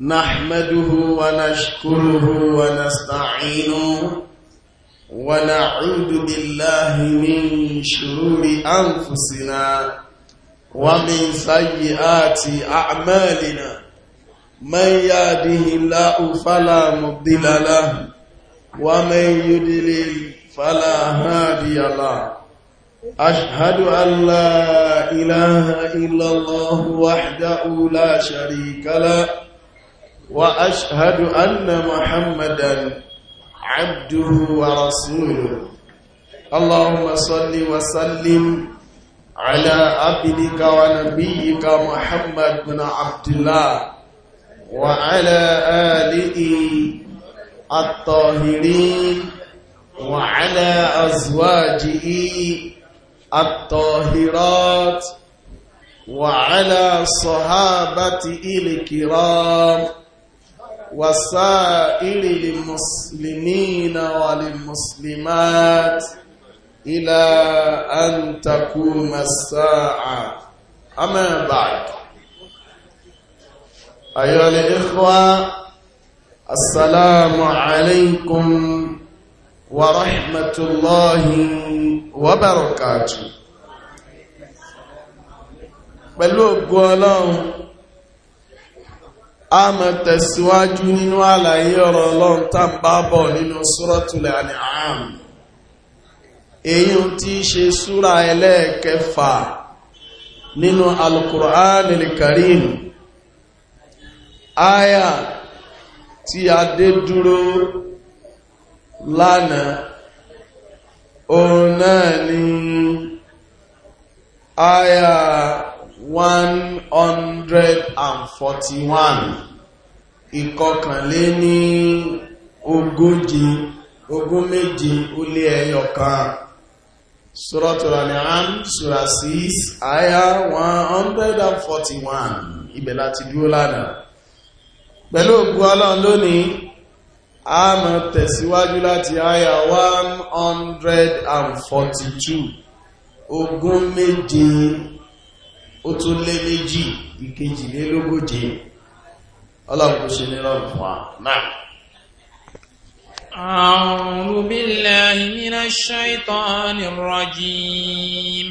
نحمده ونشكره ونستعينه ونعود بالله من شرور أنفسنا ومن سيئات أعمالنا من ياده الله فلا مضل له ومن يضلل فلا هادي له أشهد أن لا إله إلا الله وحده لا شريك له وأشهد أن محمدا عبده ورسوله اللهم صل وسلم على عبدك ونبيك محمد بن عبد الله وعلى آله الطاهرين وعلى أزواجه الطاهرات وعلى صحابته الكرام وسائر المسلمين والمسلمات إلى أن تقوم الساعة أما بعد أيها الإخوة السلام عليكم ورحمة الله وبركاته pẹ̀lú ògùn a mọ̀ tẹ̀síwájú nínú àlàyé ọ̀rọ̀ ọlọ́run tàn bá bọ̀ nínú súrọ́tulẹ̀ An'am èyí tí í ṣe súra ẹlẹ́ẹ̀kẹfà nínú Al-Qur'an tí a dé dúró lánàá òun náà ni aya One hundred 141 ìkọkànlé ní ogójì ogún méje ó lé ẹyọ kan Suratul An'am Sura 6 àyà 141 ibẹ̀ láti dúró lánàá pẹ̀lú ògùn ọlọ́run lónìí a mọ̀ tẹ̀síwájú láti àyà 142 ogún méje ó tún lé méjì ìkejìlélógóje ọlọ́run kò ṣe ní lọ́rùn fún wa náà. أعوذ بالله من الشيطان الرجيم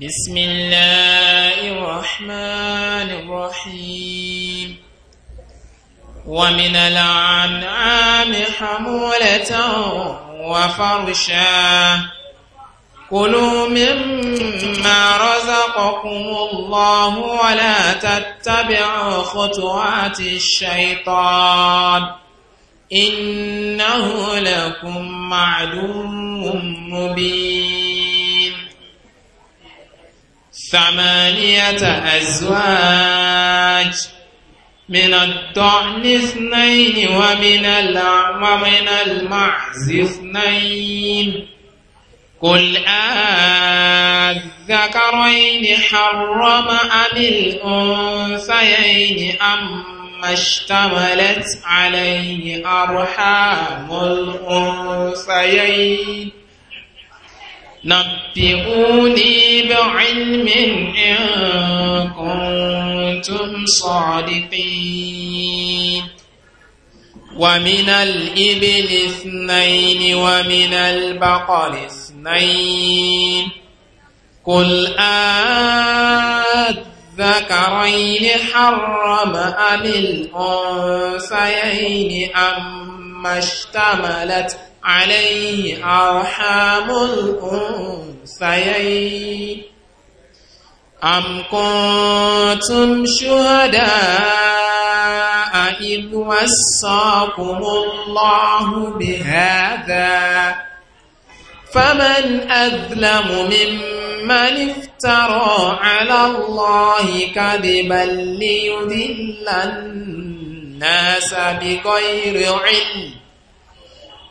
بسم الله الرحمن الرحيم ومن الأنعام حمولة وفرشا كلوا مما رزقكم الله ولا تتبعوا خطوات الشيطان إنه لكم عدو مبين ثمانية أزواج من الضأن اثنين ومن الأعمى من المعز اثنين قل أذكرين حرم أم الأنثيين أم اشتملت عليه أرحام الأنثيين نبئوني بعلم إن كنتم صادقين ومن الإبل اثنين ومن البقر اثنين قل أذكرين حرم أم الأنثيين أما اشتملت عليه أرحام الأنثيين أم كنتم شهداء إذ وصاكم الله بهذا فمن أظلم ممن افترى على الله كذبا ليذل الناس بغير علم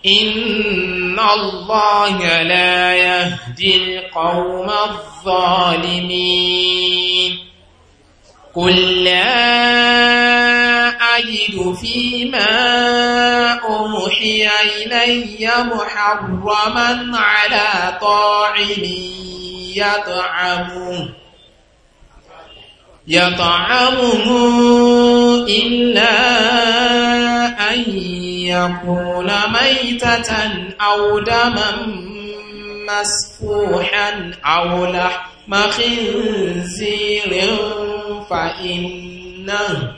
إن الله لا يهدي القوم الظالمين قل لا أجد فيما أوحي إلي محرما على طاعم يطعمه يطعمه إلا أن يكون ميتة أو دما مسفوحا أو لحم مخنزير فإنه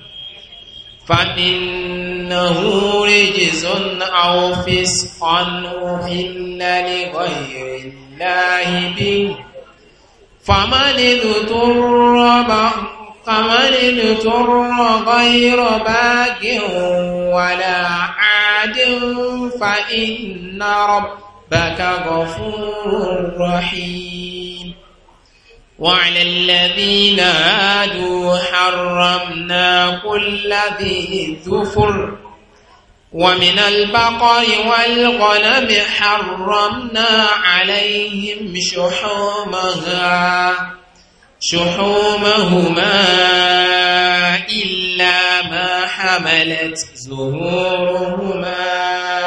فإنه رجز أو فسقا أهل لغير الله به فمن اضطر فمن اضطر غير باق ولا عاد فإن ربك غفور رحيم وعلى الذين هادوا حرمنا كل ذي ذفر ومن البقر والغنم حرمنا عليهم شحومها شحومهما إلا ما حملت زهورهما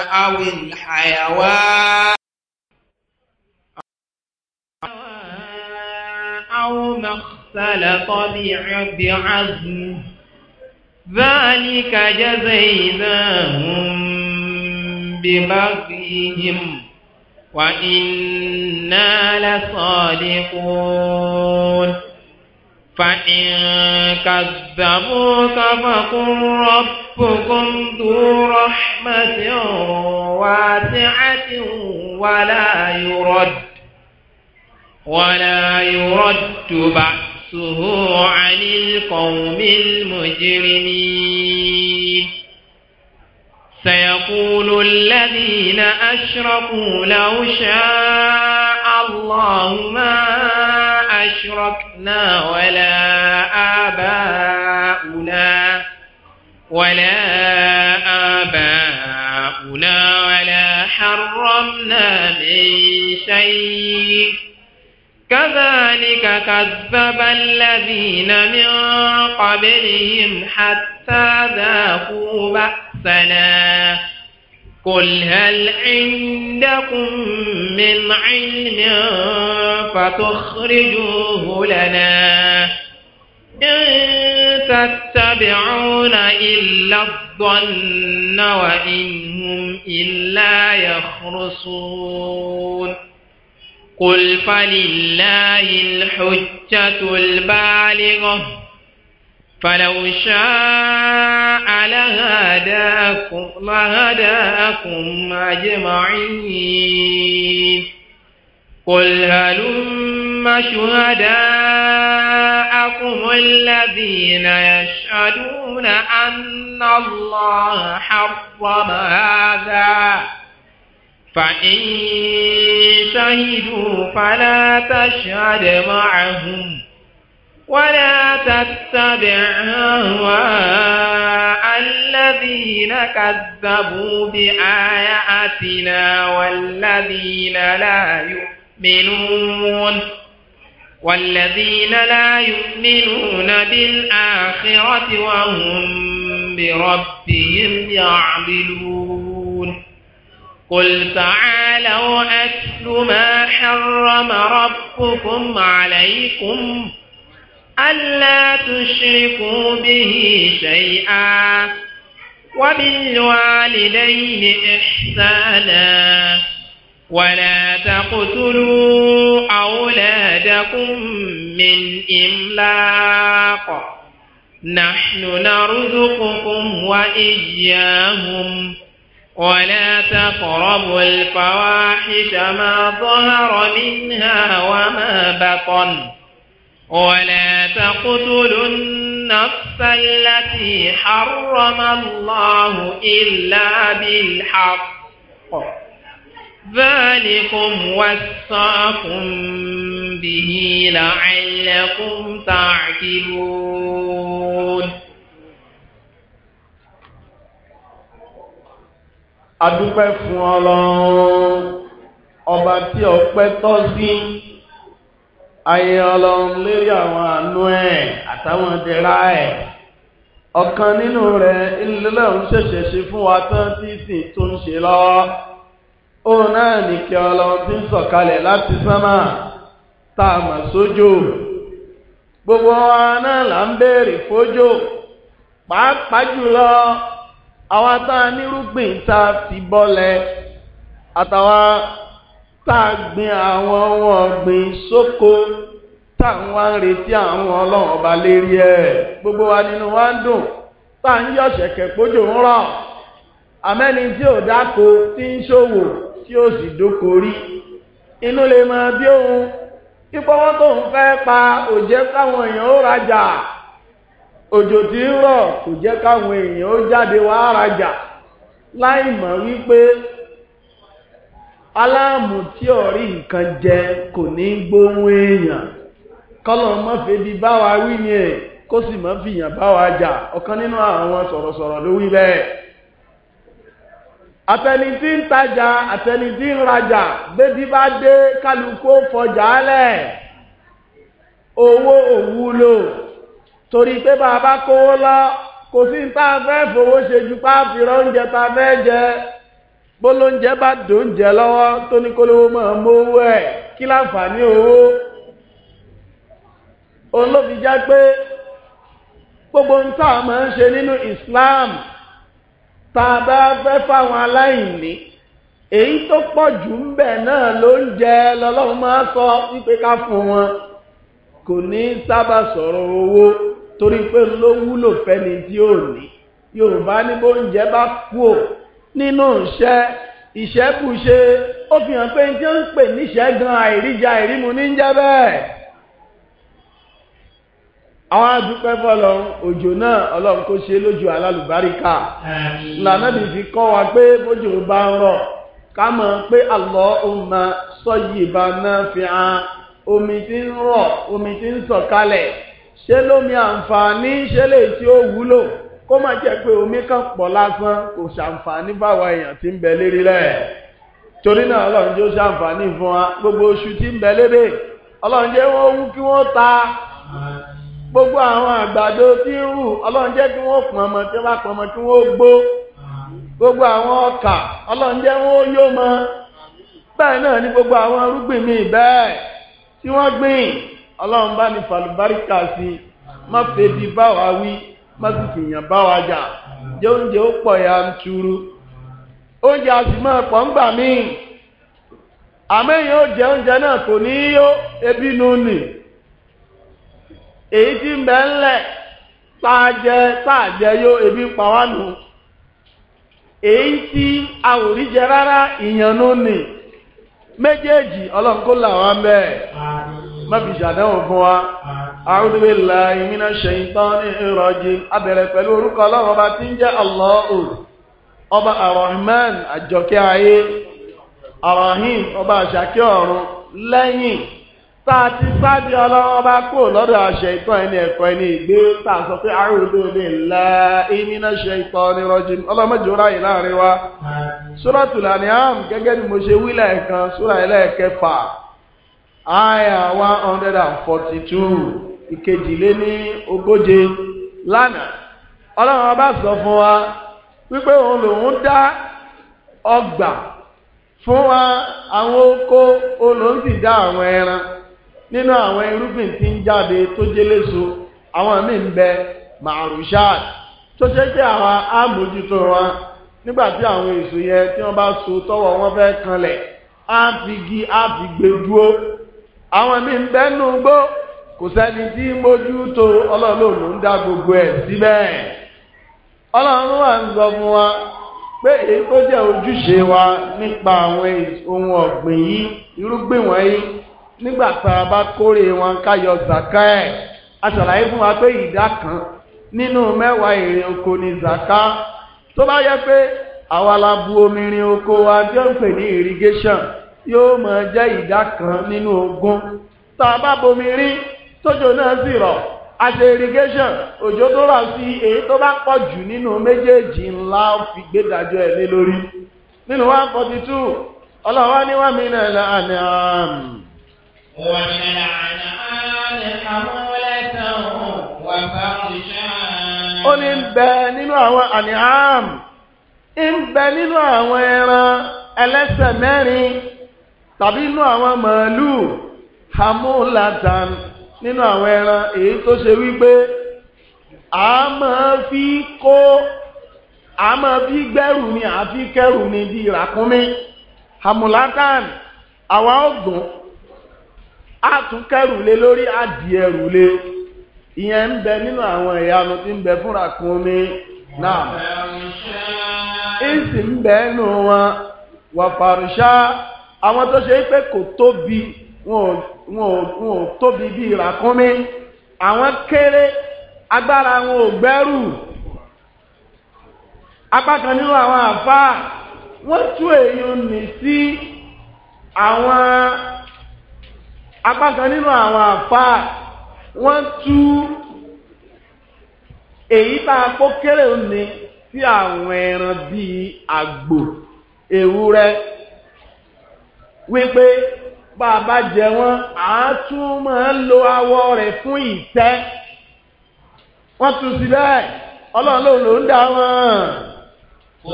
أو الحيوان أو اختلط بعزم ذلك جزيناهم ببغيهم وإنا لصادقون فإن كذبوك فقل ربكم ذو رحمة واسعة ولا يرد ولا يرد بأسه عن القوم المجرمين سيقول الذين أشركوا لو شاء الله ما أشركنا ولا آباؤنا ولا آباؤنا ولا حرمنا من شيء كذلك كذب الذين من قبلهم حتى ذاقوا بأسنا قل هل عندكم من علم فتخرجوه لنا إن تتبعون إلا الظن وإنهم إلا يخرصون قل فلله الحجة البالغة فلو شاء لهداكم, لهداكم أجمعين قل هلم شهداءكم الذين يشهدون أن الله حرم هذا فإن شهدوا فلا تشهد معهم ولا تتبع أهواء الذين كذبوا بآياتنا والذين لا يؤمنون والذين لا يؤمنون بالآخرة وهم بربهم يعبدون قل تعالوا أتل ما حرم ربكم عليكم ألا تشركوا به شيئا وبالوالدين إحسانا ولا تقتلوا أولادكم من إملاق نحن نرزقكم وإياهم ولا تقربوا الفواحش ما ظهر منها وما بطن ولا تقتلوا النفس التي حرم الله إلا بالحق ذلكم وساكم به لعلكم تعقلون adúpẹ́ fún ọlọ́run ọba tí ọpẹ́ tọ́ sí ayé ọlọ́run lérí àwọn àánú ẹ̀ àtàwọn ìdẹ̀ra ẹ̀ ọ̀kan nínú rẹ̀ ilẹ̀lẹ̀ ń ṣẹ̀ṣẹ̀ ṣe fún wa tán tí sì tún ṣe lọ òun náà nìkẹ́ ọlọ́run ti ń sọ̀kalẹ̀ láti sánmà tá a mọ̀ sójò gbogbo wa náà là ń béèrè fójò pàápàá jùlọ àwa tá a nírúgbìn tá a fi bọ́lẹ̀ àtàwa tá a gbin àwọn ohun ọ̀gbìn sóko tá à ń wá ń retí àwọn ọlọ́run ọba lérí ẹ̀ gbogbo wa nínú wa ń dùn tá à ń yọ̀ ṣẹ̀kẹ̀ pójò ń rọ̀ àmẹ́ni tí ò dáko tí ń ṣòwò tí ó sì dóko rí inú lè máa bí òun kí pọ́wọ́ tóun fẹ́ pa òjẹ́ káwọn èèyàn ó rajà. òjò tí ń rọ̀ kò jẹ́ káwọn èèyàn ó jáde wá rajà láì mọ̀ wípé aláàmù tí ọ̀rí nǹkan jẹ kò ní gbóhùn èèyàn kọ́lọ̀ mọ́ di bá wa wí ni ẹ̀ kó sì mọ́ fìyàn bá wa jà ọ̀kan nínú àwọn sọ̀rọ̀sọ̀rọ̀ ló wí bẹ́ẹ̀ àtẹni tí ń tajà àtẹni tí ń rajà bébí bá dé kálukú fọjà lẹ̀ owó òwúlò torí pé bàbá kówó lọ kò sí ní tá a fẹ́ fowó ṣe ju páàpì rọ oúnjẹ tá a fẹ́ jẹ bólóúnjẹ bá dòúnjẹ lọ́wọ́ tó ní kólówó máa mówó ẹ̀ kí láǹfààní owó òun ló fi já pé gbogbo ń tá a máa ń ṣe nínú Islam tá a bá fẹ́ fáwọn aláìní èyí tó pọ̀ jù ń bẹ̀ náà ló ń jẹ lọ́lọ́run máa sọ wípé ká fún wọn kò ní sábà sọ̀rọ̀ owó. torí pé ló wúlò fẹ́ni tí ó ní yorùbá ní bó ń jẹ́ bá kú ò nínú iṣẹ́ ìṣẹ́kùṣe ó fi hàn pé ń tí ó ń pè níṣẹ́ gan àìríjà àìrímu ní jẹ́ bẹ́ẹ̀ àwọn adúpẹ́ fọ́lọ́n òjò náà ọlọ́run kó ṣe lójú alálùbáríkà lànàbì fi kọ wa pé bójú bá ń rọ̀ ká mọ̀ pé Allahumma sayyiban nafi'an omi tí ń rọ̀ omi tí ń sọ̀kalẹ̀ ṣé lómi àǹfààní ṣe lè tí ó wúlò kó má jẹ́ pé omi kan pọ lásán kò ṣàǹfààní báwa èèyàn ti ń bẹ lérí rẹ̀ torí náà ọlọ́run ó ṣàǹfààní fún wa gbogbo oṣù tí ń bẹ lébè ọlọ́run jẹ́ wọ́n wú kí wọ́n ta gbogbo àwọn àgbàdo tí ń rù ọlọ́run kí wọ́n pọ̀n ọmọ tí wọ́n bá pọ̀n mọ́ kí wọ́n gbó gbogbo àwọn ọkà ọlọ́run jẹ́ wọ́n yó mọ́ bẹ́ẹ̀ náà ni gbogbo àwọn arúgbìn mi bẹ́ẹ̀ tí wọ́n gbìn ọlọ́run bá ní fàlùbáríkà sí má fèdí bá wà wí má sì bá wa jà jẹ ó pọ̀ ya ń túrú oúnjẹ a sì máa pọ̀ ń gbà míì àmẹ́yìn ó jẹ oúnjẹ náà kò ní yó ebi nù nì èyí tí ń tá ebi pa wá nù èyí tí jẹ rárá ìyànnú nì méjèèjì mọ́bí ìṣàdánwò fún wa a'udhu billahi minash shaitanir rajim abẹ̀rẹ̀ pẹ̀lú orúkọ ọlọ́run ọba tí ń jẹ́ Allahu ọba arahman àjọkẹ́ ayé arahim ọba àṣàkẹ́ ọ̀run lẹ́yìn táà ti sáàdì ọlọ́run ọba kò lọ́dọ̀ àṣẹ ìtàn ẹni ẹ̀kọ́ ẹni ìgbé gẹ́gẹ́ bí mo ṣe wí lẹ́ẹ̀kan sura ẹlẹ́ẹ̀kẹfà aya one hundred and forty two ìkejìléní ogóje lánàá ọlọ́run ọba sọ fún wa wípé òun lòun dá ọgbà fún wa àwọn oko olóhùn sì dá àwọn ẹran nínú àwọn irúgbìn tí ń jáde tó jẹ́lẹ́so àwọn míì ń bẹ màrúṣáàd tó ṣe jẹ́ àwọn amójútó wọn nígbà tí àwọn èso yẹn tí wọn bá so tọwọ wọn fẹ́ kanlẹ̀ á fi gi á fi gbé dúró àwọn míì ń bẹ́nu gbó kò sẹ́ni tí mójú tó ọlọ́run ló ń dá gbogbo ẹ̀ síbẹ̀ ọlọ́run wà ń sọ fún wa pé èyí tó jẹ́ ojúṣe wa nípa àwọn ohun ọ̀gbìn yìí irúgbìn wọ̀nyí nígbà tá a bá kórè wọn ká yọ ẹ̀ a ṣàlàyé fún wa pé ìdá kan nínú mẹ́wàá èrè oko ni zàká tó bá yẹ pé àwa la bu omi rin oko wa tí ó ní irrigation yóò mọ̀ jẹ́ ìdá kan nínú ogun. tá bá bomi rí tójò náà sì rọ̀ irrigation òjò tó rọ̀ sí èyí tó bá pọ̀ jù nínú méjèèjì ńlá fi gbédájọ́ ẹ̀ lé lórí nínú 142, ọlọ́wọ́ ní wàmí náà àmì. àmì ó ní ń bẹ nínú àwọn àmì ń bẹ nínú tàbí inú àwọn màálù hamulatan nínú àwọn ẹran èyí tó ṣe wípé a máa fi kó a máa fi gbẹ́rù ni a fi kẹ́rù ni bí ràkúnmí hamulatan àwa ọ̀gbọ̀n a tún kẹ́rù lé lórí adìẹrù lé ìyẹn ń bẹ nínú àwọn ìyanu tí ń bẹ fún ràkúnmí náà ìsì ń bẹ nù wọn wàfàrùṣá àwọn tó ṣe pé kò tóbi wọn ò tóbi bí ìràkúnmí àwọn kéré agbára wọn ò gbẹ́rù apá kan nínú àwọn àfáà wọ́n tú èèyàn nì sí àwọn apá kan nínú àwọn àfáà wọ́n tú èyí tá a kó kéré òní sí àwọn ẹran bíi àgbò ewúrẹ́ wípé bàbá jẹ wọn a tún máa ń lo awọ rẹ̀ fún ìtẹ́ wọ́n tún sí bẹ́ẹ̀ ọlọ́run ló ló ń dá wọn.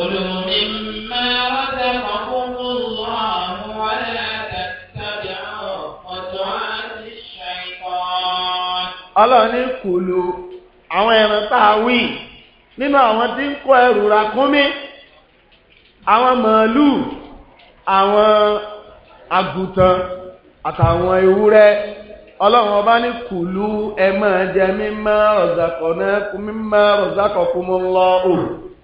olùmí máa wá sẹ́kọ̀ọ́ fún gbogbo àwọn wàlẹ́ àtàtàbí àwọn ọ̀dọ́ àti ṣàìkọ́. ọlọ́run ní kùlù àwọn ẹran tá a wí nínú àwọn tí ń kó ẹrù kún kúnmí àwọn màálùú, àwọn. àgùntàn àtàwọn ewúrẹ́ ọlọ́run ọba ní kùlú ẹ máa jẹ mímọ́ ọ̀zàkọ̀ náà mímọ́ ọ̀zàkọ̀ kún mọ́ lọ o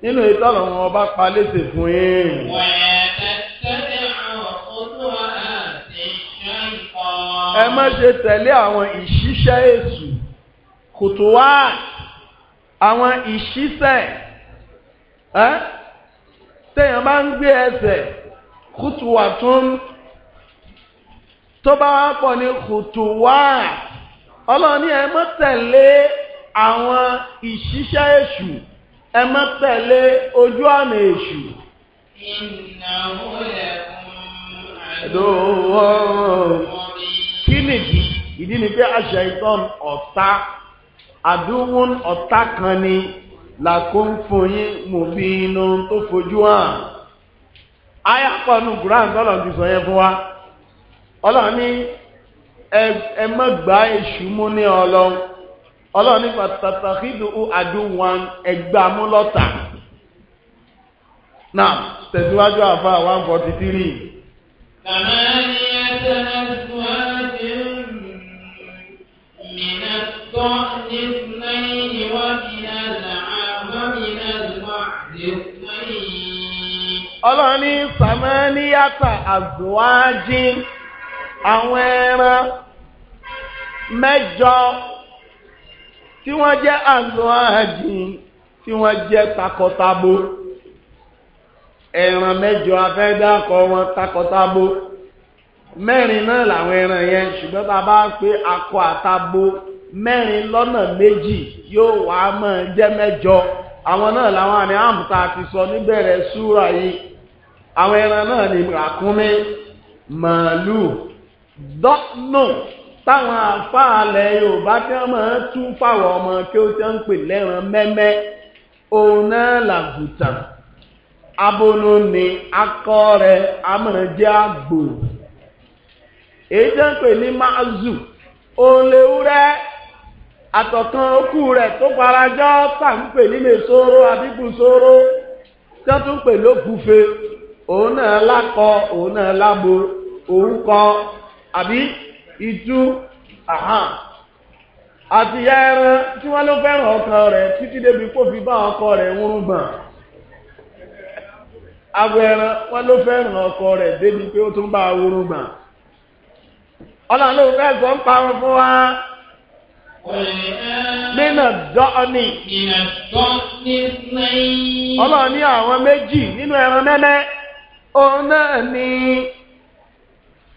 nínú ìtọ́ ọlọ́run ọba pa léṣe fún yín. ẹ má ṣe tẹ̀lé àwọn ìṣiṣẹ́ èṣù kòtò wá àwọn ìṣiṣẹ́ ẹ́ tẹ̀yàn bá ń gbé ẹsẹ̀ kùtùwà tún tó bá wá pọ̀ ní kùtùwáà ọlọ́run ní ẹ má tẹ̀lé àwọn ìṣiṣẹ́ èṣù ẹ má tẹ̀lé ojú ọ̀nà èṣù. ìnáwó ẹ̀kún àdóhùn kí nìdí ìdí ni pé àṣà ìtọ́n ọ̀tá àdúhùn ọ̀tá kan ni làkún fún yín mòfin inú tó fojú hàn. ayapọ̀ nù gúrà ń sọ yẹn fún wa ọlọ́run ní ẹ mọ́ gbá èṣù mú ní ọlọ́run ọlọ́run ní pàtàkìdù àdúwọn ẹgbàmú lọ́tà náà tẹ̀síwájú àfa one forty three. kàmáyé ẹsẹ̀ ẹ̀sùn àti mìíràn tó ní lẹ́yìn ìwádìí ẹ̀sẹ̀ mìíràn wà lẹ́yìn. ọlọ́run ní sàmáníyàtà àzùwájín àwọn ẹran mẹ́jọ tí wọ́n jẹ́ àlùhàjìn tí wọ́n jẹ́ takọtabo ẹran mẹ́jọ afẹ́dàkọ wọn takọtabo mẹ́rin náà làwọn ẹran yẹn ṣùgbọ́n tá a bá pé akọ àtabo mẹ́rin lọ́nà méjì yóò wá mọ̀ jẹ́ mẹ́jọ àwọn náà làwọn àmì àmùtà ti sọ níbẹ̀rẹ̀ súra yìí àwọn ẹran náà ni ràkúnmí màálù dọ́nù táwọn àfáàlẹ̀ yorùbá tí wọ́n máa ń tún fáwọn ọmọ kí ó ti ń pè lẹ́ran mẹ́mẹ́ òun náà làgùtàn abolo ni akọ rẹ amọ̀nàjẹ́ àgbò èyí tí wọ́n pè ní máàzù òun lè wúrẹ́ àtọ̀kan okú rẹ̀ tó farajọ́ tàǹpè nílé sóró àdínkù sóró tí wọ́n tún pè lókùfe òun náà lákọ òun náà lábo òun kọ àbí ìjú àhán àti ìyá ẹran tí wọ́n ló fẹ́ràn ọkọ rẹ̀ títí débi kó fi bá ọkọ rẹ̀ wúrún gbọ̀n abo ẹran wọ́n ló fẹ́ràn ọkọ rẹ̀ débi pé ó tún bá wúrún gbọ̀n ọlọ́run ló fẹ́ sọ ń parun fún wa nínà dọ́ọ̀nì ọlọ́run ní àwọn méjì nínú ẹran mẹ́lẹ́ òun náà ni.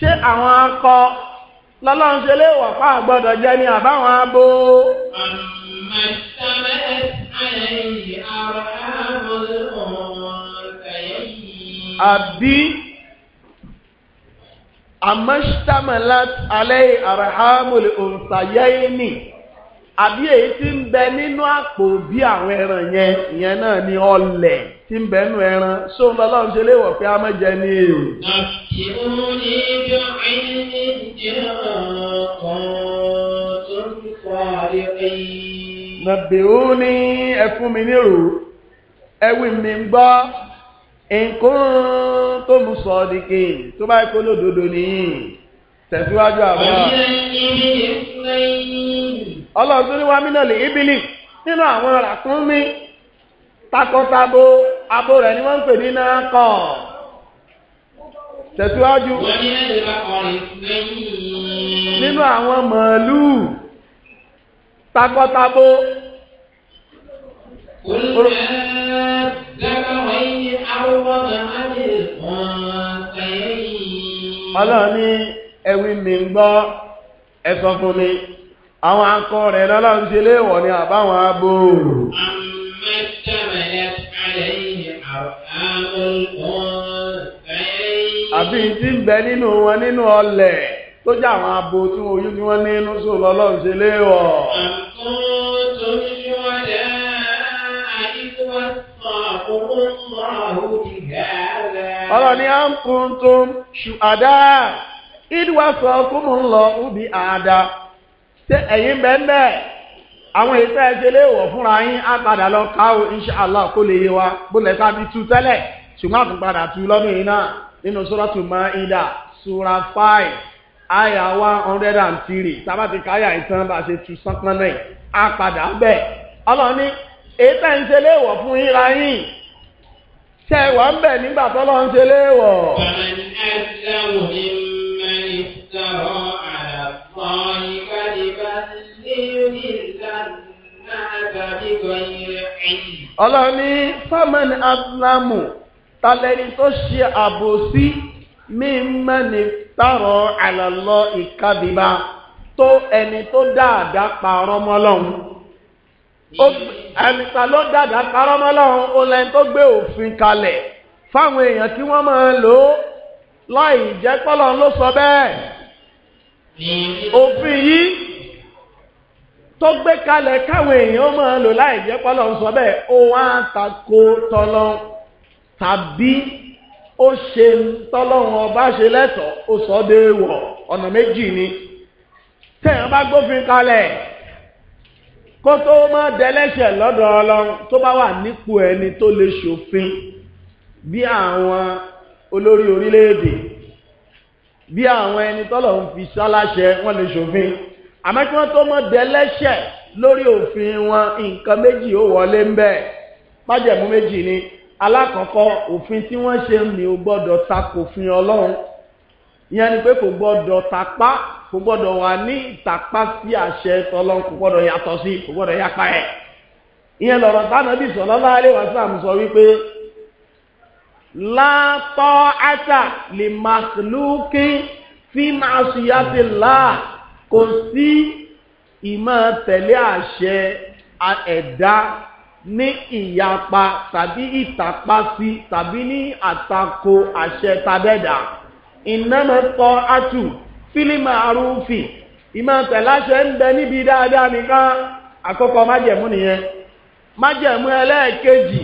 ṣé àwọn akọ lọ́lọ́run ṣe léèwọ̀ àgbọ́dọ̀ jẹ ní àbáwọn abo. àbí àmọ́ṣítàmọ́lát alẹ́ àràhámọ́lẹ̀ òǹsàyẹ́ẹ́nì àbí èyí ń bẹ nínú àpò bí àwọn ẹran yẹn ìyẹn náà ni ọlẹ̀. tí ń bẹ nù ẹran so lọ́lọ́run ṣe léwọ̀ pé a má jẹ ní èrò. nàbẹ̀wò ní ẹ fún mi nírò ẹwì mi ń gbọ́ nǹkan tó mú sọ ọ́ di kí tó bá kó lódodo nìyí tẹ̀síwájú àbúrò. ọlọ́run tó ní wá mí náà lè ibìlì nínú àwọn ràkúnmí. takọtabo abo rẹ̀ ni wọ́n ń pè ní nàkọ́ tẹ̀síwájú nínú àwọn màálù takọtabo ọlọ́run ní ẹ̀wí mi ń gbọ́ ẹ̀sọ́ fún mi àwọn akọ rẹ̀ lọ́lọ́run ṣe léèwọ̀ ni àbáwọn abo. àbí tí ń bẹ nínú wọn nínú ọlẹ, tó jẹ́ àwọn abo tí wọ́n oyún tí wọ́n ní inú sùn lọ́lọ́run ṣe léèwọ̀. ọlọ́ni à ń kún tó ṣùgbọ́dá lọ ubi àdá ṣé ẹ̀yin bẹ́ẹ̀ bẹ́ẹ̀. àwọn ìṣe ẹjẹlẹ fúnra yín á padà lọ ká o inṣàlá lè yé wa bó lẹ sábì tú tẹ́lẹ̀ ṣùgbọ́n àtúnpadà tú lọ́nà yìí náà nínú sọ́rọ́tù ma sura five àyà one hundred three tábà ti káyà ìtàn bá ṣe tú sápọn náà á padà bẹ́ẹ̀ ọlọ́ni fún yín ṣe wà ń bẹ̀ nígbà tọ́lọ́ ń ṣe ọlọ́run ní fámẹ́ni adúlámù talẹ́ni tó ṣe àbòsí mímẹ́ni tààrọ̀ àlọ́lọ́ ìkàdìbà tó ẹni tó dáadáa parọ́ mọ́lọ́run ẹni ta ló dáadáa parọ́ mọ́lọ́run ó lẹ́ni tó gbé òfin kalẹ̀ fáwọn èèyàn kí wọ́n máa lò ó láì jẹ́ pọ́lọ́run ló sọ bẹ́ẹ̀ òfin yìí tó gbé kalẹ̀ káwọn èèyàn máa lò láì jẹ́ pọ́lọ́ ń sọ bẹ́ẹ̀ ó wá ń tako tọ́lọ́ tàbí ó ṣe tọ́lọ́run ọba ṣe lẹ́tọ̀ọ́ ó sọ déèwọ̀ ọ̀nà méjì ni tẹ̀yàn bá gbófin kalẹ̀ kó tó má dẹlẹ́ṣẹ̀ lọ́dọ̀ ọlọ́run tó bá wà nípò ẹni tó lè ṣòfin bí àwọn olórí orílẹ̀-èdè bí àwọn ẹni tọ́lọ́run fi ṣáláṣẹ wọ́n lè ṣòfin àmọ́ kí wọ́n tó mọ̀ dẹ́lẹ́ṣẹ̀ lórí òfin wọn nǹkan méjì ó wọlé ń bẹ̀ májẹ̀mú méjì ni alákọ̀ọ́kọ́ òfin tí wọ́n ṣe ni ó gbọ́dọ̀ takò fin ọlọ́run ìyẹn ni pé kò gbọ́dọ̀ tapá kò gbọ́dọ̀ wà ní ìtapá sí àṣẹ tọlọ́run kò gbọ́dọ̀ yàtọ̀ sí kò gbọ́dọ̀ yapa ẹ̀ ìyẹn lọ̀rọ̀ tánàbí sallallahu alaihi wasallam sọ wípé la ta'ata li makhluqin fi ma'siyati llah kò sí ìmọ̀ tẹ̀lé àṣẹ ẹ̀dá ní ìyapa tàbí ìtàpá sí tàbí ní àtakò àṣẹ tàbẹ́dà ìnámẹ́tọ́ àtù fílímù àrùfì ìmọ̀ tẹ̀lé àṣẹ ń bẹ níbi dáadáa nìkan àkọ́kọ́ májẹ̀mú nìyẹn májẹ̀mú ẹlẹ́ẹ̀kejì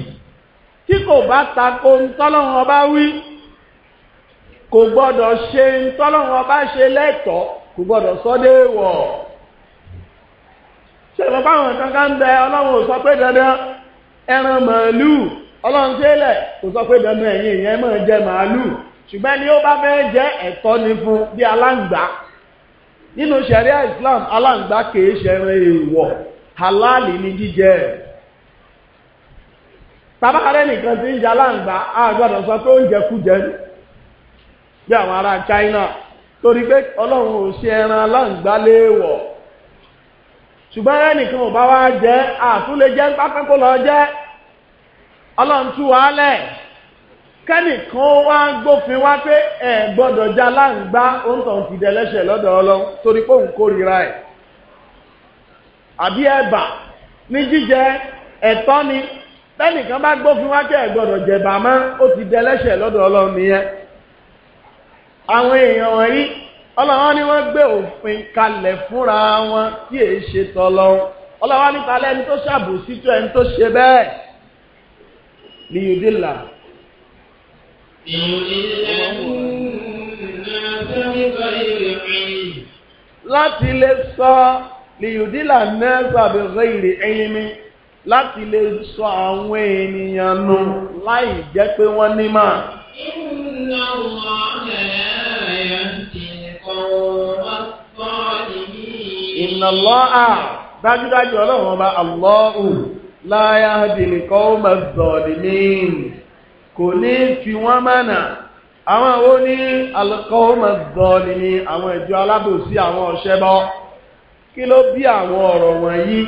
tí kò bá tako ntọ́lọ́wọ́n bá wí kò gbọ́dọ̀ ṣe ntọ́lọ́wọ́n bá ṣe lẹ́tọ̀ọ́ kò gbọ́dọ̀ sọ́dẹ̀ wọ̀ ṣe mọ̀ báwọn kankan bẹ ọlọ́run sọ pé dandan ẹran màálù ọlọ́run tẹ́lẹ̀ kò sọ pé dandan ẹ̀yìn ìyẹn máa jẹ màálù ṣùgbọ́n ni ó bá fẹ́ jẹ́ ẹ̀tọ́ ni fún bí aláǹgbá nínú ṣẹ̀ríà Islam aláǹgbá kìí ṣẹran èèwọ̀ ni jíjẹ ẹ̀ tàbákarẹ́ nìkan ti ń jẹ aláǹgbá a sọ pé jẹ bí àwọn torí pé ọlọ́run ò ṣe ẹran aláǹgbá léèwọ̀ ṣùgbọ́n ẹnìkan ò bá wá jẹ́ àtúnlé jẹ́ pátákó lọ jẹ́ ọlọ́run tú wa lẹ̀ kẹ́nìkan wá gbófin wá pé ẹ̀ gbọ́dọ̀ já aláǹgbá òun tàn lọ́dọ̀ ọlọ́run torí pé òun àbí ẹ̀bà ní jíjẹ ẹ̀tọ́ ni nìkan bá gbófin wá pé ẹ̀ gbọ́dọ̀ jẹ̀bà mọ́ ó ti lọ́dọ̀ ọlọ́run nìyẹn àwọn èèyàn wọ̀nyí ọlọ́wọ́n ni wọ́n gbé òfin kalẹ̀ fúnra wọn tí èé ṣe tọ́lọ ọlọ́wọ́n ní lẹ́ni tó ṣàbòsí tó ẹni tó ṣe bẹ́ẹ̀ ní yudila. láti lè sọ ní yudila náà sàbẹ̀ ẹyin mi láti lè sọ àwọn ènìyàn nù láì jẹ́ pé wọ́n ní mà. ìnàlọ́à dájúdájú ọlọ́run ọba àlọ́hù láyá dìlìkọ́ ọmọ zọ̀dìmín kò ní fi wọ́n mọ́nà àwọn ò ní alùkọ́ ọmọ zọ̀dìmín àwọn ìjọ alábòsí àwọn ọ̀ṣẹ́bọ kí ló bí àwọn ọ̀rọ̀ wọ̀nyí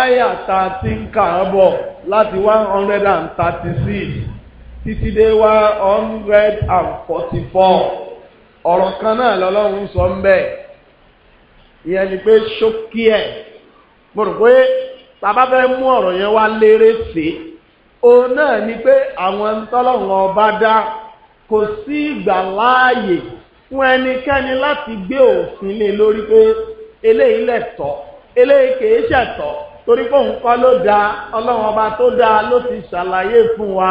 áyà ta ti ń kà á bọ̀ láti one hundred and thirty six títí dé one hundred and forty four ọ̀rọ̀ kan náà lọ́lọ́run sọ ń bẹ́ẹ̀ ìyẹn ni pé ṣókí ẹ̀ mo rò pé bàbá fẹ́ mú ọ̀rọ̀ yẹn wá lérè sí òun náà ni pé àwọn tọ́lọ́run ọba dá kò sí ìgbà láàyè fún ẹnikẹ́ni láti gbé òfin lé lórí pé eléyìí lẹ̀tọ́ eléyìí kìí ṣẹ̀tọ́ torí pé òun kọ́ ló dá ọlọ́run ọba tó dá ló ti ṣàlàyé fún wa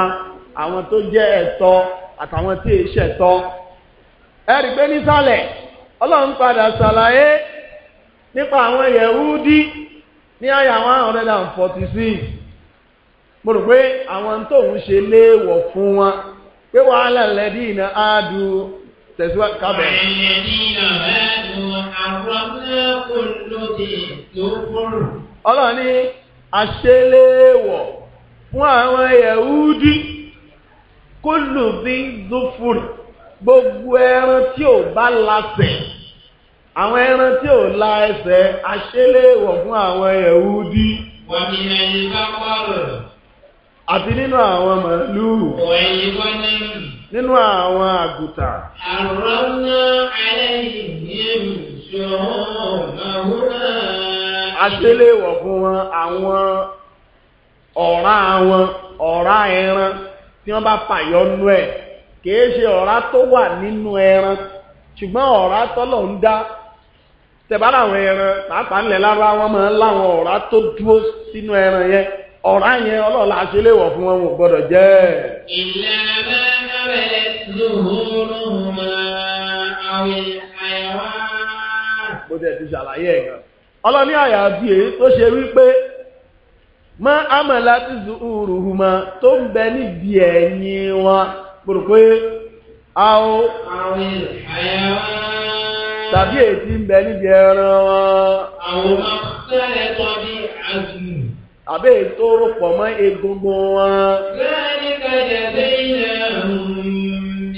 àwọn tó jẹ́ ẹ̀tọ́ àtàwọn tí èṣẹ̀tọ́ ẹ̀rí pé nísàlẹ̀ ọlọ́run padà ṣàlàyé nípa àwọn yẹ̀húdí ní àyà 146 mo rò pé àwọn tó ń ṣe léèwọ̀ fún wọn pé wà lẹ́lẹ́dí iná áàdù tẹ̀síwá kábẹ̀ ọlọ́run ní aṣeléèwọ̀ fún àwọn yẹ̀húdí kó lù bí gbogbo ẹran tí ò bá lásẹ̀ àwọn ẹran tí ò la ẹsẹ̀ aṣẹ́léèwọ̀ fún àwọn Yẹhudi. wọ́n ní ẹyin bá wọ́rọ̀. àti nínú àwọn màlúù. ọ̀ẹ́yìn wọ́n ní. nínú àwọn àgùtà. àrùn náà ẹlẹ́yìn ní èmi ṣòro àwọn náà aṣẹ́léwọ̀ fún wọn àwọn ọ̀rá wọn ọ̀rá ẹran tí wọ́n bá fàyọnú ẹ̀ kìí ṣe ọ̀rá tó wà nínú ẹran ṣùgbọ́n ọ̀rá tọ́lọ̀ ń dá tẹ̀bára àwọn ẹran pàápàá ńlẹ̀ lára wọn máa ń láwọn ọ̀rá tó dúró sínú ẹran yẹn ọ̀rá yẹn ọlọ́ọ̀la àṣeléwọ̀ fún wọn wọn gbọ́dọ̀ jẹ́. ọlọ́ní àyàbí èyí tó ṣe wípé mọ àmàlà ti zùúrù ma tó ń bẹ níbi ẹ̀yìn wọn pé a ó. àwẹ̀ àyàwá. tàbí èyí ń bẹ níbi ẹran wọn. àwọn akẹ́lẹ̀ tó ní àjù. àbí èyí tó rò pọ̀ mọ́ egungun wọn. bẹ́ẹ̀ni kẹjẹ sí ilẹ̀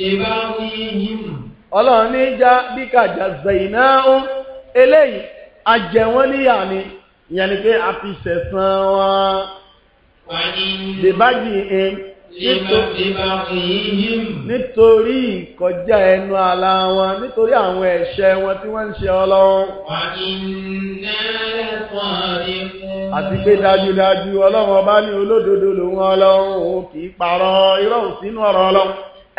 ìbáwí yìí. ọlọ́run ní já bí kàjà zẹ̀yìnà ń eléyìí ajẹ̀wọ́n níyà ni ìyẹn ni pé a fi ṣẹ̀san wọn. wàá ní. bèbá yìí ń nítorí ìkọjá ẹnu àlà wọn nítorí àwọn ẹ̀ṣẹ̀ wọn tí wọ́n ń ṣe ọlọ́run. àti pé dájúdájú ọlọ́run ọba ní olódodo lòun ọlọ́run òun kì í parọ́ irọ́ sínú ọ̀rọ̀ ọlọ́run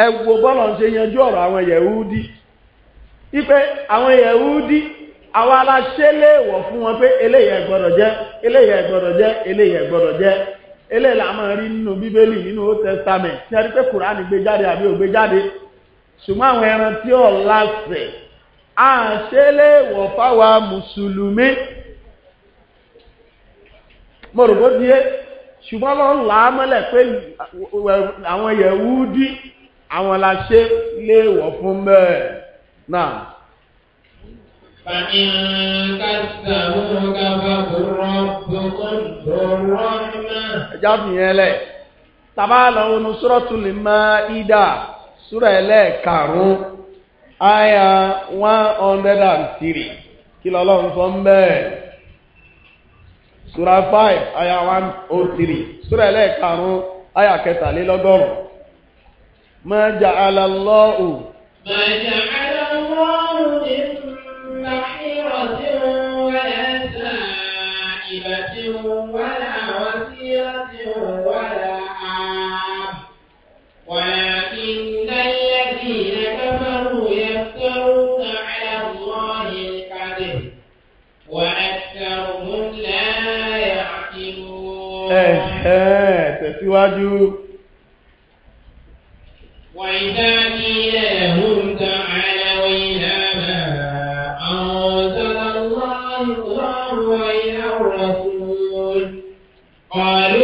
ẹ wo bọ́lọ̀ ń ṣe yanjú ọ̀rọ̀ àwọn yẹ̀wúdí ipe àwọn yẹ̀wúdí àwa la ṣe léèwọ̀ fún wọn pé eléyìí ẹ gbọ́dọ̀ jẹ eléyìí gbọ́dọ̀ jẹ eléyìí gbọ́dọ̀ jẹ eléyìí la máa rí nínú bíbélì nínú old testament tí a rí pé kùránì gbé jáde àbí ò gbé jáde ṣùgbọ́n àwọn ẹran tí ò láṣẹ à ń ṣe léèwọ̀ fáwa mùsùlùmí mo rò bó díẹ̀ ṣùgbọ́n ló ń là á mọ́lẹ̀ pé àwọn yẹ̀wúdí àwọn la ṣe léèwọ̀ fún bẹ́ẹ̀ náà. فإن كذبوك فقل ربكم ذو الرحمة nu Suratul ma súrà ẹlẹ́ẹ̀karùn-ún àyà one hundred and three kí lọ́lọ́run sọ five àyà one oh three ولكن الذين كفروا يفترون على الله الكذب وأكثرهم لا يعقلون تسواجو وإذا قيل لهم تعالوا ما أنزل الله وإلى الرسول قالوا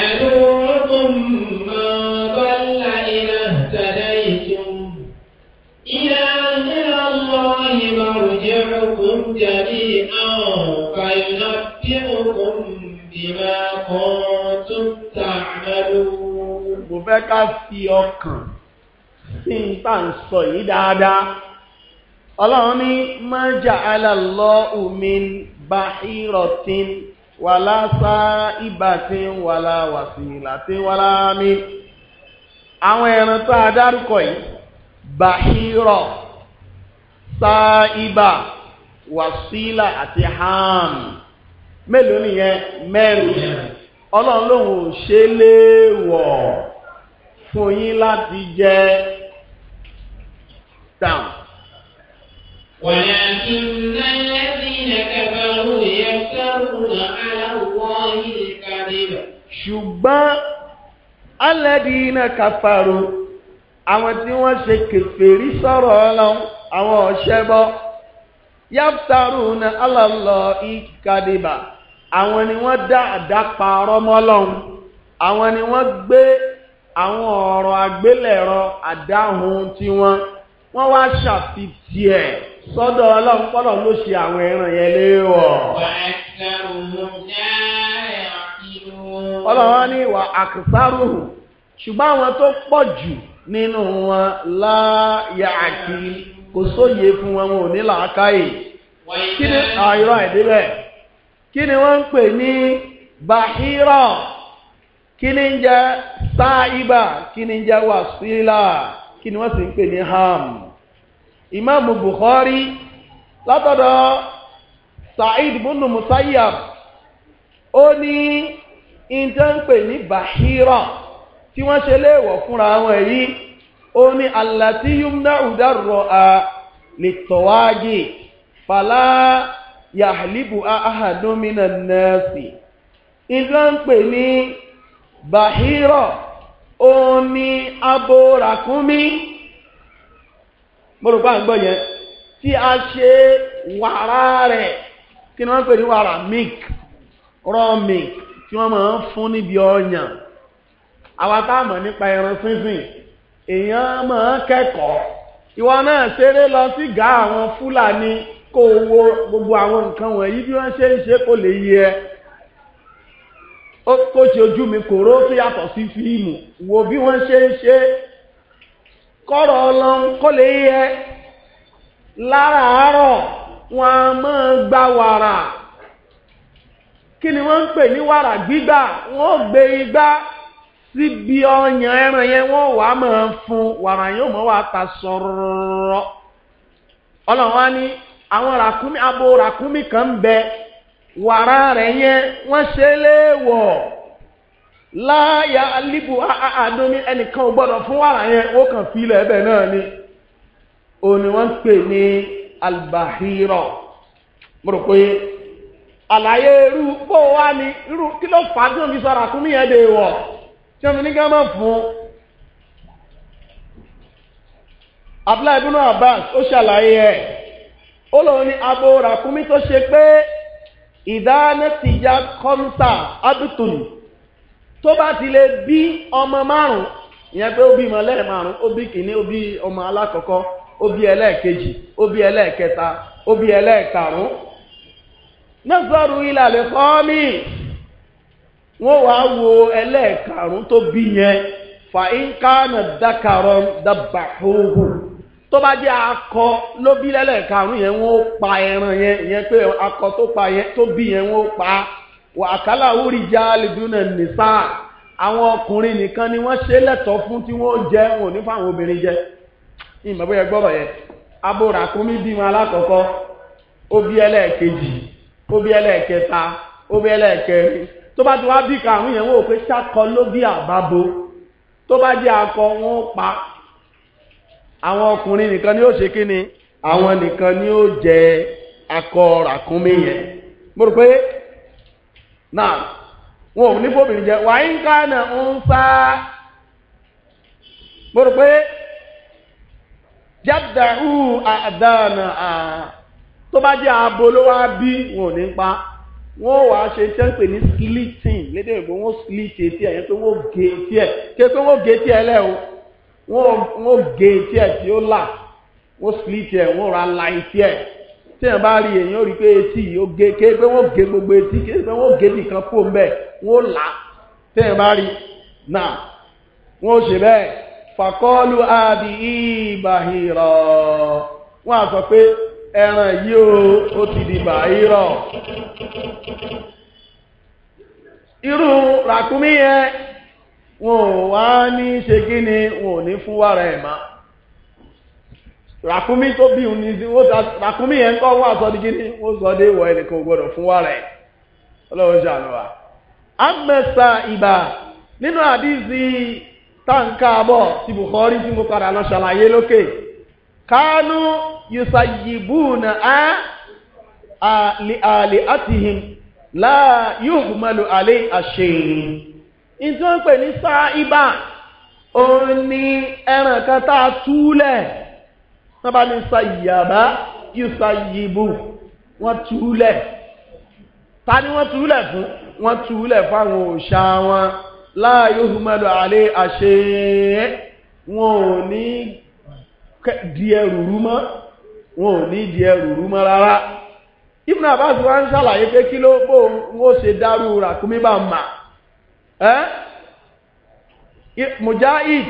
fẹ́ ká fi ọkàn sí ń tà ń sọ yìí dáadáa ọlọ́run ní májà alàlọ́ min bahiratin wàlá sáà ìbàtin wàlá wàsílàtin wàlá mi àwọn ẹran tó a dárúkọ yìí bahira sáà ìbà wàsílà àti hàmì mélòó nìyẹn mẹ́rin ọlọ́run lòun ò ṣe léèwọ̀ fún yín láti jẹ dáhùn. wàlẹ́ àti náírà sí ìlẹ̀kẹ̀fẹ̀rù yẹn fẹ́rù aláwọ̀ yìí kárìbà. ṣùgbọ́n alẹ́dí iná kàfàrò àwọn tí wọ́n ṣe kèfèrí sọ̀rọ̀ ọlọ́run àwọn ọ̀ṣẹ́ bọ́ yàtàrú na alàlọ́ ìkàdìbà àwọn ni wọ́n dá àdápa ọ̀rọ̀ mọ́ ọlọ́run àwọn ni wọ́n gbé àwọn ọ̀rọ̀ àgbélẹ̀rọ àdáhùn tí wọ́n wọ́n wá ṣàfitì ẹ̀ sọ́dọ̀ ọlọ́run pọ́lọ̀ ló ṣe àwọn ẹran yẹn léèwọ̀. ọlọ́run ní ìwà àkùsárùhù ṣùgbọ́n àwọn tó pọ̀ jù nínú wọn láàyà àti kò sóye fún wọn wọn ò ní làákàyè kí ni àìrọ̀ ẹ̀dílẹ̀ kí ni wọ́n ń pè ní bahira kíni ń jẹ́ sáíbà kini ń jẹ́ wàsílà kíni wọ́n sì ń pè ní ham ìmáàmù Bukhari látọ̀dọ̀ Sa'id bunu Musayyab ó ní ìtẹ́ ní bahira tí wọ́n ṣe léèwọ̀ fúnra wọn yìí ó ní allati yumna udarọ̀ a lè tọ̀wájì fàlá yahlibu ahadun minan nasi ìtẹ́ ń ní bàhírọ̀ òun ni abo ràkúnmí mọ́rùpá ń gbọ́ yẹn tí a ṣe wàrà rẹ̀ kí ni wọ́n pè ní wàrà milk raw milk tí wọ́n máa ń fún níbi ọyàn àwa a mọ̀ nípa ẹran sínsìn èèyàn máa ń kẹ́kọ̀ọ́ ìwọ náà ṣeré lọ sí gàá àwọn fúlàní kó wo gbogbo àwọn nǹkan wọ̀nyí bí wọ́n ṣe ń ṣe kó lè yẹ ẹ́ ó ṣe ojú mi kòró tó yàtọ̀ sí fíìmù wo bí wọ́n ṣe ń ṣe kọ́rọ̀ ọlọ́run kó lè yẹ láràárọ̀ wọn a máa gba wàrà kí ni wọ́n ń pè ní wàrà gbígbà wọ́n gbé igbá síbi ọyàn ẹran wọ́n wà fún wàrà yóò mọ́ wà á ta sọ̀rọ̀ ọlọ́run ní àwọn wàrà rẹ̀ yẹn wọ́n ṣe léèwọ̀ láàyà alíbù àádọ́ ní ẹnìkan gbọ́dọ̀ fún wàrà yẹn ó kàn fílẹ̀ ẹbẹ̀ náà ni o ni wọ́n pè ní albahiro mo rò àlàyé irú wá ní irú kí ló fà á tí wọ́n fi fún Abdullahi Abbas ó ṣàlàyé ẹ̀ ó ní abo ìdánẹ́tìyà kọ́msà abitun tó bá ti lè bí ọmọ márùn ìyẹn pé ó bí ìmọ̀ lẹ́ẹ̀márùn ó bí kìíní ó bí ọmọ alákọ̀ọ́kọ́ ó bí ẹlẹ́ẹ̀kejì ó bí ẹlẹ́ẹ̀kẹta ó bí ẹlẹ́ẹ̀karùn wọ́n wo ẹlẹ́ẹ̀karùn tó bí yẹn fà dákàrọ̀ tó bá jẹ́ akọ ló bí lẹ́lẹ́karùn yẹn wọ́n pa ẹran yẹn ìyẹn pé akọ tó pa yẹn tó bí yẹn wọ́n pa wà àkàlà orí já lìdúnà nìsá àwọn ọkùnrin nìkan ni wọ́n ṣe lẹ́tọ̀ fún tí wọ́n jẹ wọn ò ní fáwọn obìnrin jẹ ìmọ̀ bóyá gbọ́rọ̀ yẹn aborakumi bímọ alákọ̀ọ́kọ́ ó bí ẹlẹ́ẹ̀kejì ó bí ẹlẹ́ẹ̀kẹta ó bí ẹlẹ́ẹ̀kẹrin tó bá ti wá bí karùn yẹn wọ́n ò pé ṣakọ ló bí àbábo tó bá jẹ́ akọ wọn ó pa àwọn ọkùnrin nìkan ni ó ṣe kí ni àwọn nìkan ni ó jẹ akọ ràkúnmí yẹn mo rò pé náà wọn ò ní fóbìnrin jẹ wàá ń ká náà ń sá mo rò pé jádàú àdáàna à tó bá jẹ́ abo ló wá bí wọn ò ní pa wọ́n wàá ṣe iṣẹ́ ń pè ní slitting lédè ìgbò wọ́n slit etí ẹ̀ yẹn wọ́n gé etí ẹ̀ kí wọ́n gé etí ẹ̀ tí ó là wọ́n split ẹ̀ ra la etí ẹ̀ tí èèyàn bá rí èèyàn rí pé etí yìí ó gé ké pé gbogbo etí ké pé wọ́n gé nìkan kó mbẹ́ wọ́n là tí èèyàn bá rí náà wọ́n ṣe bẹ́ẹ̀ fàkọ́lù àbí ti di bàhìrọ̀ irú ràkúmí yẹn. wọn ò wá ní ṣe kí ni wọn ò ní fún wàrà ẹ̀ má tó bí òun ní yẹn kọ́ kí ni wọ́n sọ dé wọ ẹnìkan gbọ́dọ̀ fún wàrà ẹ̀ ọlọ́run ṣàánú wa amẹ́sà ìbà nínú àdízi táǹkà àbọ̀ ti Bukhari tí mo padà lọ ṣàlàyé lókè a àlè ìtí wọ́n pè ní sáà ibà òun ni ẹran kan tá a túlẹ̀ wọ́n bá ní sayaba yusayibu wọ́n túlẹ̀ ta ni wọ́n túlẹ̀ fún wọ́n túlẹ̀ fún àwọn òòṣà wọn láàyò humadu alẹ́ àṣẹ wọn ò ní di ẹrù rú mọ́ wọn ò ní di ẹrù rú mọ́ rárá ibùdó àbáṣe wa ń ṣàlàyé pé kí ló bó wọn ó ṣe dárú ràkúmí bá mà. Eh? mujahid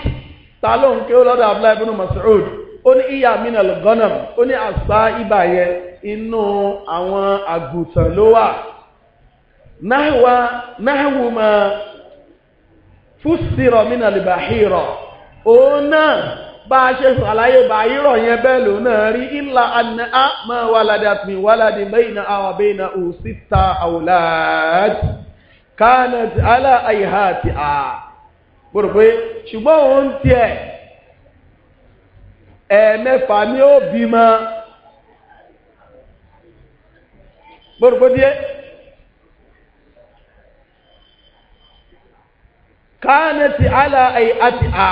Talon ló ń mas'ud ó ní iya minal ghanam ó ní ibà inú àwọn àgùntàn ló wà náhùwà náhùwùmá fúsìrọ̀ minal òun náà bá a ṣe ṣàlàyé bàyírọ̀ yẹn bẹ́ẹ̀ ló náà rí ìlà àná á máa wàlàdà tìmí bẹ́ẹ̀ àwọn kánàtì aláàyíhá àti à gbọ́dọ̀ pé ṣùgbọ́n òun tiẹ̀ ẹ̀ẹ̀mẹ́fà ni ó bímọ gbọ́dọ̀ pé díẹ̀ kánàtì aláàyíhá àti a,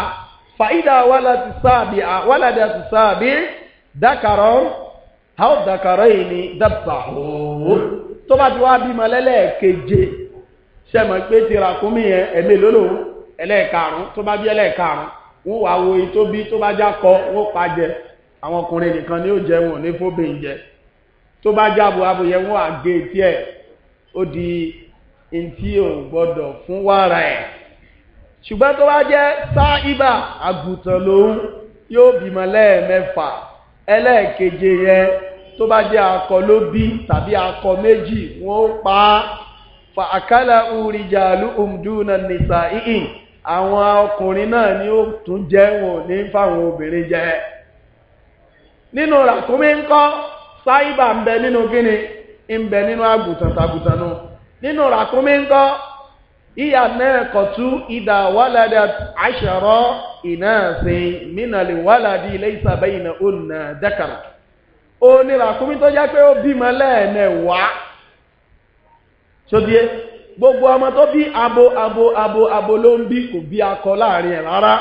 fàídà wàlá ti sáàbì à wàlá ti sáàbì dákàrọ̀ how dákàrọ̀ yìí ni dábàá tó bá ti wá bímọ lẹ́lẹ́ẹ̀keje sẹ́mọ̀ pé tira kún mí yẹn ẹ̀mí lólò ẹlẹ́ẹ̀karùn tó bá bí ẹlẹ́ẹ̀karùn wọ́n wà wo èyí tó bá já kọ wọ́n pa jẹ àwọn ọkùnrin nìkan ni ó jẹ wọn ní fóbìn jẹ tó bá jábọ̀ abòyẹ wọ́n á gé etí ẹ̀ ó di ntí ò gbọ́dọ̀ fún wàrà ẹ̀ ṣùgbọ́n tó bá jẹ́ sáíbà àgùntàn lòun yóò bímọ lẹ́ẹ̀mẹ́fà ẹlẹ́ẹ̀keje yẹn tó bá jẹ́ akọ ló tàbí akọ méjì wọ́n ó pa á. akala rìjàlú umdúnà nìsàíìn àwọn ọkùnrin náà ni ó tún jẹ́ wọn ní fáwọn obìnrin jẹ nínú ràkúnmí ń kọ́ sáíbà ń bẹ nínú kíni ń bẹ nínú àgùntàn tàgùntàn nínú ràkúnmí ń kọ́ ìyá náà ìdá wàládà àṣàrọ̀ ìnáàsìn mínàlè wàládì ilé ìsàbẹ̀yìn náà ó nà dákàrà ó ní ràkúnmí tó jẹ́ pé ó bímọ sódíé gbogbo ọmọ tó bí abo abo abo abo ló ń kò bí akọ láàrin ẹ̀ rárá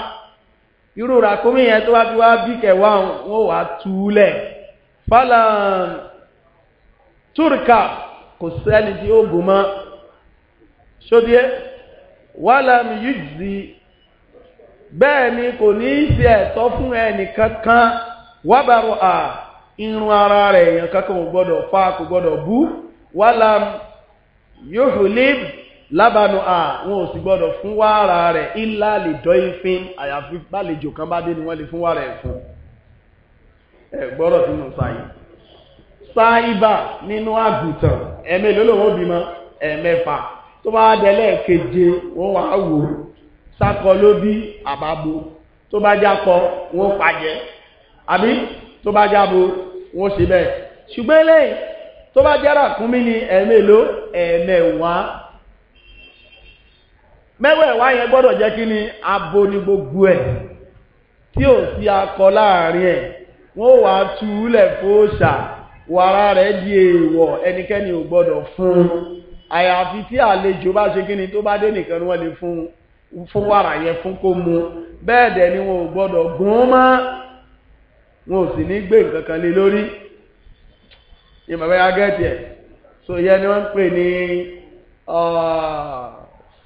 irú ràkúnmí yẹn tó wá fi wá bí kẹwàá wọn wà túlẹ̀ fálàn turka kò sẹ́ni tí ó gùn mọ́ yìí ni kò ní í ṣe ẹ̀tọ́ fún wábàrò à irun ara rẹ̀ èèyàn kankan fa kò gbọ́dọ̀ bú yuhlib lábànú à wọn ò sì gbọ́dọ̀ fún wàrà rẹ̀ ilá lè dọ́ ìfín àyàfi bálejò kan bá dé ni wọ́n lè fún wàrà ẹ̀ fún ẹ gbọ́dọ̀ tí mo sá yìí sáíbà nínú àgùntàn ẹ̀mẹ́ ló lòun bímọ ẹ̀mẹ́fà tó bá dẹ̀lẹ́ keje wọ́n wá wò sákọ ló bí àbábo tó bá jákọ wọ́n pàjẹ́ àbí tó bá jábo wọ́n ṣe bẹ́ẹ̀ ṣùgbọ́n lẹ́yìn tó bá jẹ́ ràkúnmí ni ẹ̀mẹ́lò ẹ̀mẹ́wà mẹ́wẹ̀ẹ̀wá yẹn gbọ́dọ̀ jẹ́ kí ni abo ni gbogbo ẹ̀ tí ò sí akọ láàrin ẹ̀ wọ́n wà túúlẹ̀ fóòṣà wàrà rẹ̀ di èèwọ̀ ẹnikẹ́ni ò gbọ́dọ̀ fún àyàfi tí àlejò bá ṣe kí ni tó bá dé nìkan wọ́n lè fún fún wàrà yẹn fún kó mu bẹ́ẹ̀ dẹ̀ ni wọn ò gbọ́dọ̀ gún mọ́ wọn ò sì ní gbé nǹkan kan lé lórí ní màmá ya gẹ́ẹ̀tì ẹ̀ so ìyẹn ni wọ́n ń pè ní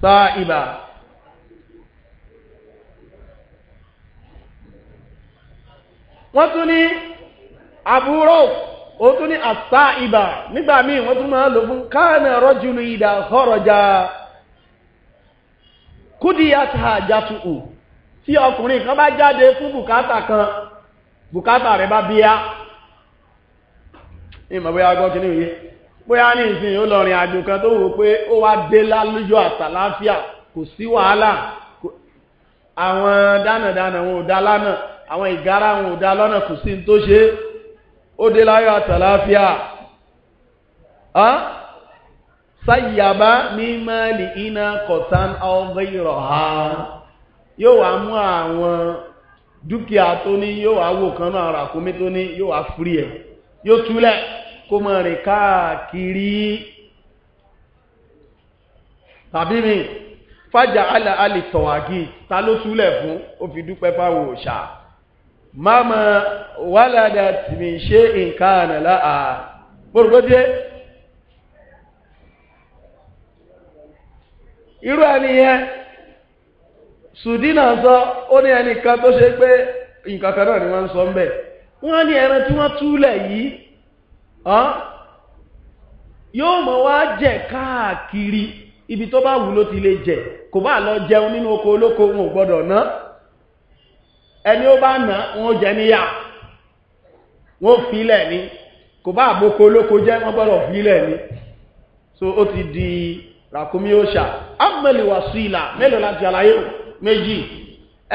sáà ìbà. wọ́n tún ní àbúrò ó tún ní àṣà ìbà nígbà míì wọ́n tún máa lò fún káàna rọ́jùlù ìdá ọ̀rọ̀jà kúdíyàtà jàtùkù tí ọkùnrin kan bá jáde fún bùkátà kan bùkátà rẹ̀ bá bíyà. ìmọ̀ bóyá gbọ́ kí ní òye bóyá ní ìsìn ó lọ rìn àjò kan tó wò pé ó wá dé lálójó àtàláfíà kò sí wàhálà àwọn dánàdánà wọn ò dá lánà àwọn ìgárá wọn ò dá lọ́nà kò sí tó ṣe ó dé láyọ̀ àtàláfíà sáyàbá mímọ́lì iná kọ̀tán ọgbẹ́ ìrọ̀há yóò wá mú àwọn dúkìá tó ní yóò wá wò kan náà ràkúnmí tó ní yóò wá fúri ẹ̀ yóò túlẹ̀ kó mọ̀ rìn káàkiri tàbí mi fájà alàálì tọ̀wàgì ta ló túlẹ̀ fún ó fi dúpẹ́ fáwọn òṣà máma wàlàdà tìmí ṣe nǹkan ànàlá à gbọ́rùgbọ́dé irú ẹni yẹn sùdínà sọ ó ní ẹnìkan tó ṣe pé nǹkan kan náà ni wọ́n ń sọ ń bẹ̀ wọ́n ní ẹran tí wọ́n túlẹ̀ yìí yóò mọ̀ wá jẹ káàkiri ibi tó bá wù ló ti lè jẹ kò bá lọ jẹun nínú oko olóko wọn gbọdọ̀ ná ẹni ó bá ná wọn jẹ níyà wọn ó filẹ̀ ni kò bá àbókò olóko jẹ́ wọn gbọdọ̀ filẹ̀ so ó ti di ràkúmí òṣà amẹ́lìwàsílà mélòó láti àlàyé méjì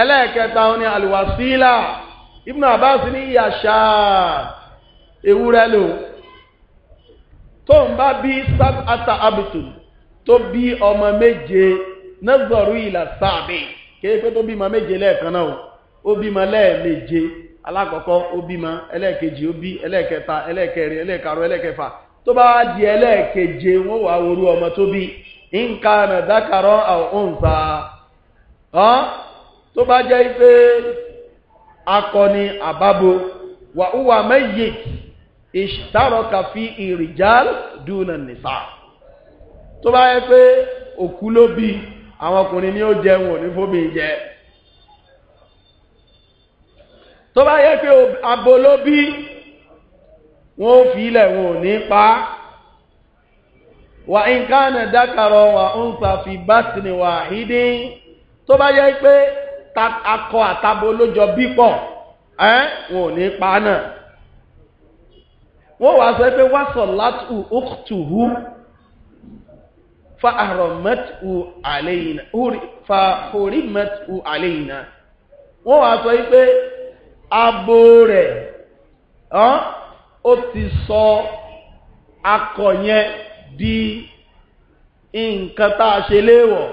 ẹlẹ́ẹ̀kẹta ó ní àlìwàsílà ibùnà tó ń bá bí ata abutu tó bí ọmọ méje nẹ́zọ̀rú ìlà sáàbì kéèké tó bímọ méje lẹ́ẹ̀kan náà ó bímọ lẹ́ẹ̀méje alákọ̀ọ́kọ́ ó bímọ ẹlẹ́ẹ̀kejì ó bí ẹlẹ́ẹ̀kẹta ẹlẹ́ẹ̀kẹrin ẹlẹ́ẹ̀karùn ẹlẹ́ẹ̀kẹfà tó bá di ẹlẹ́ẹ̀keje wọ́n wà orú ọmọ tó bí nǹkan nàdákàrọ̀ àwọn òǹsà tó bá jẹ́ akọni àbábo wà ó wà ìṣàrọ̀kà fi ìrìjàl dùnà nìsà tó bá yẹ pé òkú ló bí àwọn ọkùnrin ni ó jẹun òní fóbi jẹ tó bá yẹ pé abo ló bí wọn ò fi ilẹ̀ wọn ò ní pa á wà nǹkan dákàrọ̀ wà ń sàfi bátìní wà hídí tó bá yẹ pé akọ àtabo ló jọ bí pọ̀ ẹ́ wọn ò ní pa náà wọ́n wá sọ pé wá sọ látù òkùtùhù fa àrọ̀mẹ́tù àlẹ́yìnà fa orímẹ́tù àlẹ́yìnà wọ́n wá sọ pé abo rẹ̀ ó ti sọ akọ̀yẹn di nǹkan tá a ṣe léèwọ̀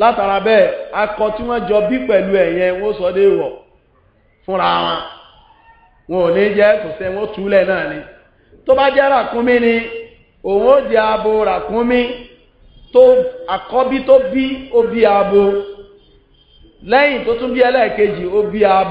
látara bẹ́ẹ̀ akọ tí wọ́n jọ bí pẹ̀lú ẹ̀yẹn wọ́n sọ léèwọ̀ fúnra wọn wọn ò ní jẹ́ kò sẹ́ wọn túlẹ̀ náà ni tó bá jẹ́ ràkúnmí ni òun ó di abo ràkúnmí tó àkọ́bí tó bí ó bí abo lẹ́yìn tó tún bí ẹlẹ́ẹ̀kejì ó bí abo